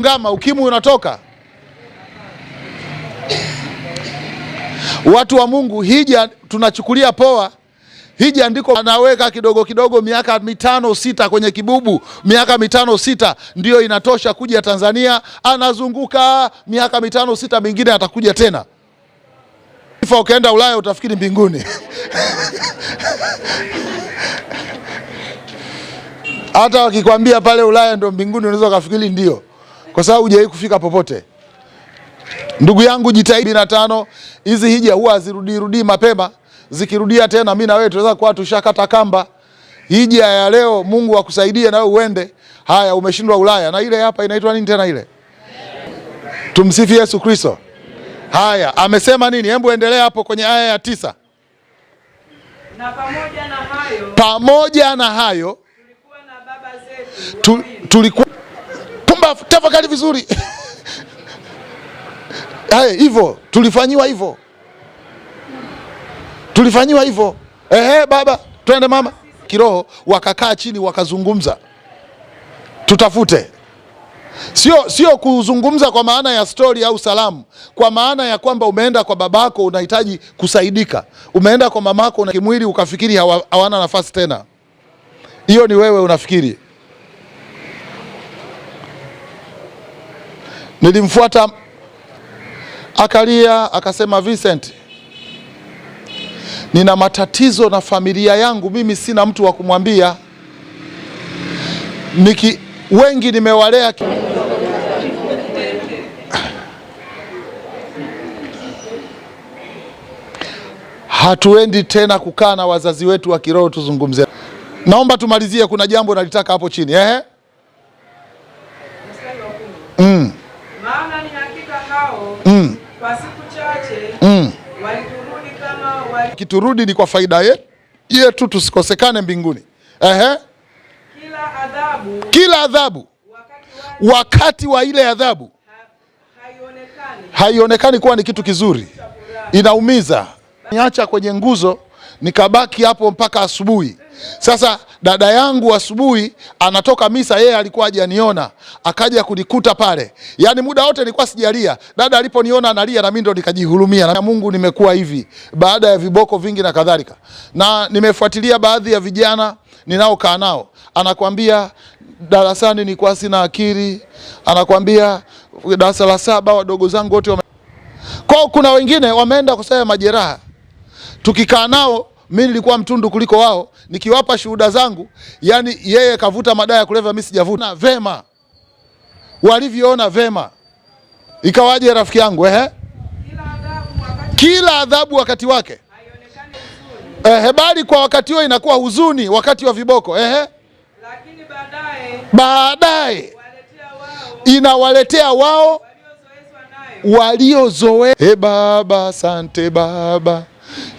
Ngama ukimwi unatoka. Watu wa Mungu, hija tunachukulia poa. Hija andiko anaweka kidogo kidogo, miaka mitano sita kwenye kibubu, miaka mitano sita ndiyo inatosha kuja Tanzania. Anazunguka miaka mitano sita, mingine atakuja tena. Ifa ukaenda Ulaya utafikiri mbinguni. Hata wakikwambia pale Ulaya ndo mbinguni, unaweza ukafikiri ndio kwa sababu hujawahi kufika popote. Ndugu yangu, jitahidi na tano hizi hija huwa hazirudirudii mapema, zikirudia tena mi na wewe tunaweza kuwa tushakata kamba. Hija ya leo Mungu akusaidie nawe uende. Haya, umeshindwa Ulaya na ile hapa inaitwa nini tena ile? tumsifi Yesu Kristo. Haya, amesema nini? Hebu endelea hapo kwenye aya ya tisa. Na pamoja na hayo, pamoja na hayo tulikuwa na baba zetu tu, tulikuwa tafakari vizuri hivyo tulifanyiwa hivyo tulifanyiwa hivyo ehe, baba twende mama kiroho, wakakaa chini wakazungumza, tutafute. Sio, sio kuzungumza kwa maana ya stori au salamu, kwa maana ya kwamba umeenda kwa babako unahitaji kusaidika, umeenda kwa mamako na kimwili ukafikiri hawana nafasi tena. Hiyo ni wewe unafikiri. Nilimfuata akalia, akasema Vincent, nina matatizo na familia yangu, mimi sina mtu wa kumwambia niki wengi nimewalea. Hatuendi tena kukaa na wazazi wetu wa kiroho tuzungumze. Naomba tumalizie, kuna jambo nalitaka hapo chini. Ehe, mm mm. kwa siku chache mm. waliturudi kama wali... kiturudi ni kwa faida yetu yetu, tusikosekane mbinguni. Ehe. Kila adhabu, kila adhabu wakati, wakati wa ile adhabu ha, haionekani kuwa ni kitu kizuri, inaumiza. Niacha kwenye nguzo nikabaki hapo mpaka asubuhi. Sasa dada yangu asubuhi anatoka misa, yeye alikuwa hajaniona, akaja kunikuta pale. Yani muda wote nilikuwa sijalia, dada aliponiona analia na mimi ndo nikajihurumia. Na Mungu nimekuwa hivi baada ya viboko vingi na kadhalika, na nimefuatilia baadhi ya vijana ninaokaa nao, anakwambia darasani nilikuwa sina akili, anakwambia darasa la saba wadogo zangu wote wame... kwa kuna wengine wameenda kusema majeraha, tukikaa nao mimi nilikuwa mtundu kuliko wao, nikiwapa shuhuda zangu, yani yeye kavuta madawa ya kulevya, mimi sijavuta. Vema walivyoona vema, ikawaje rafiki yangu, ehe, kila adhabu wakati wake, ehe, bali kwa wakati huo inakuwa huzuni, wakati wa viboko, ehe, lakini baadaye inawaletea wao waliozoea. E Baba, sante Baba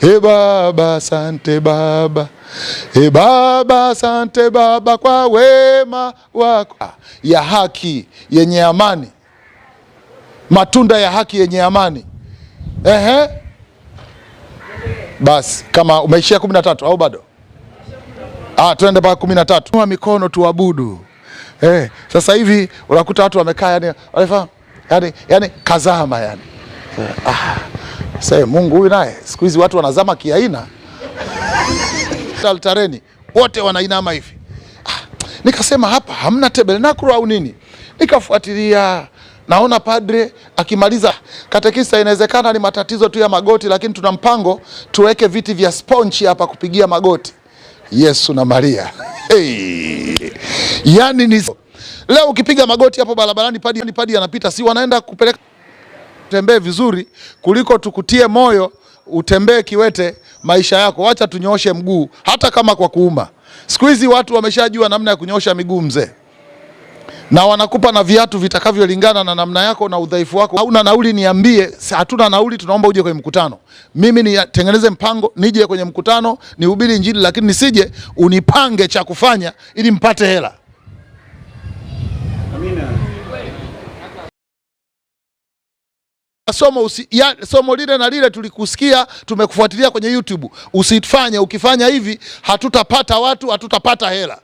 E Baba, asante Baba. E Baba, asante Baba kwa wema wako ah, ya haki yenye amani, matunda ya haki yenye amani. Ehe, basi kama umeishia kumi na tatu au bado? Ah, tuende mpaka kumi na tatu. Inua mikono tuabudu. Eh, sasa hivi unakuta watu wamekaa yani, yani, yani kazama yani. Ah. Sasa Mungu huyu naye siku hizi watu wanazama kiaina altareni wote wanainama hivi. Ah, Nikasema hapa hamna tabernakulo au nini? Nikafuatilia naona padre akimaliza katekista, inawezekana ni matatizo tu ya magoti, lakini tuna mpango tuweke viti vya sponchi hapa kupigia magoti Yesu na Maria. Hey. Yani ni leo ukipiga magoti hapo barabarani, padi, padi anapita, si wanaenda kupeleka tutembee vizuri kuliko tukutie moyo utembee kiwete maisha yako. Wacha tunyooshe mguu hata kama kwa kuuma. Siku hizi watu wameshajua namna ya kunyoosha miguu mzee, na wanakupa na viatu vitakavyolingana na namna yako na udhaifu wako. Hauna nauli, niambie, hatuna nauli, tunaomba uje kwenye mkutano. Mimi nitengeneze mpango, nije kwenye mkutano nihubiri Injili, lakini nisije unipange cha kufanya ili mpate hela. somo usi, ya, somo lile na lile tulikusikia, tumekufuatilia kwenye YouTube. Usifanye, ukifanya hivi hatutapata watu, hatutapata hela.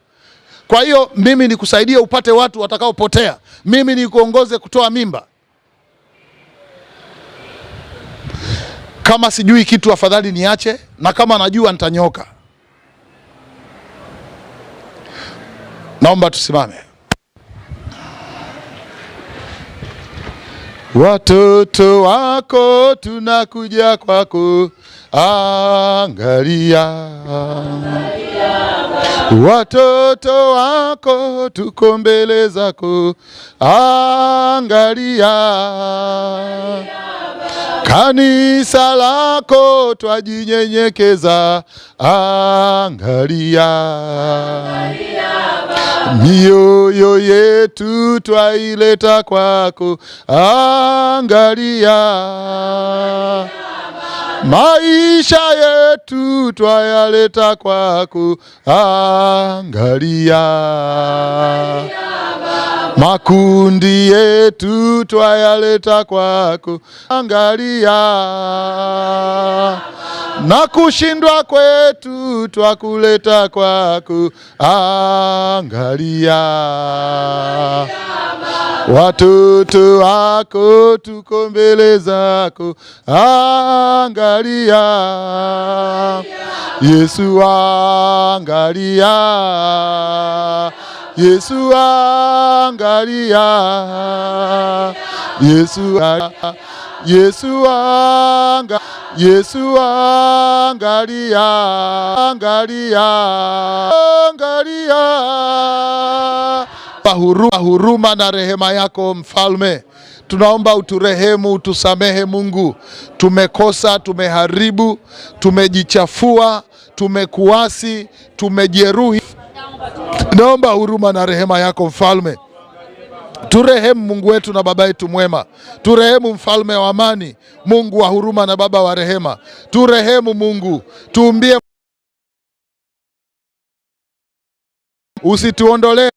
Kwa hiyo mimi nikusaidie upate watu watakaopotea, mimi nikuongoze kutoa mimba. Kama sijui kitu afadhali niache, na kama najua nitanyoka. Naomba tusimame. Watoto wako tunakuja kwako, angalia, angalia. Watoto wako tuko mbele zako, angalia, kanisa lako twajinyenyekeza, angalia, angalia mioyo yetu twaileta kwako, angalia, angalia Maisha yetu twayaleta kwako, angalia. Makundi yetu twayaleta kwako, angalia na kushindwa kwetu twakuleta kwako. Angalia watoto wako, tuko mbele zako. Angalia Yesu, angalia Yesu, angalia Yesu, angalia Yesu, angalia Yesu angalia, angalia, angalia kwa huruma, huruma na rehema yako mfalme, tunaomba uturehemu, utusamehe Mungu. Tumekosa, tumeharibu, tumejichafua, tumekuasi, tumejeruhi. Naomba huruma na rehema yako mfalme. Turehemu Mungu wetu na baba yetu mwema, turehemu mfalme wa amani, Mungu wa huruma na baba wa rehema, turehemu Mungu, tuumbie, usituondolee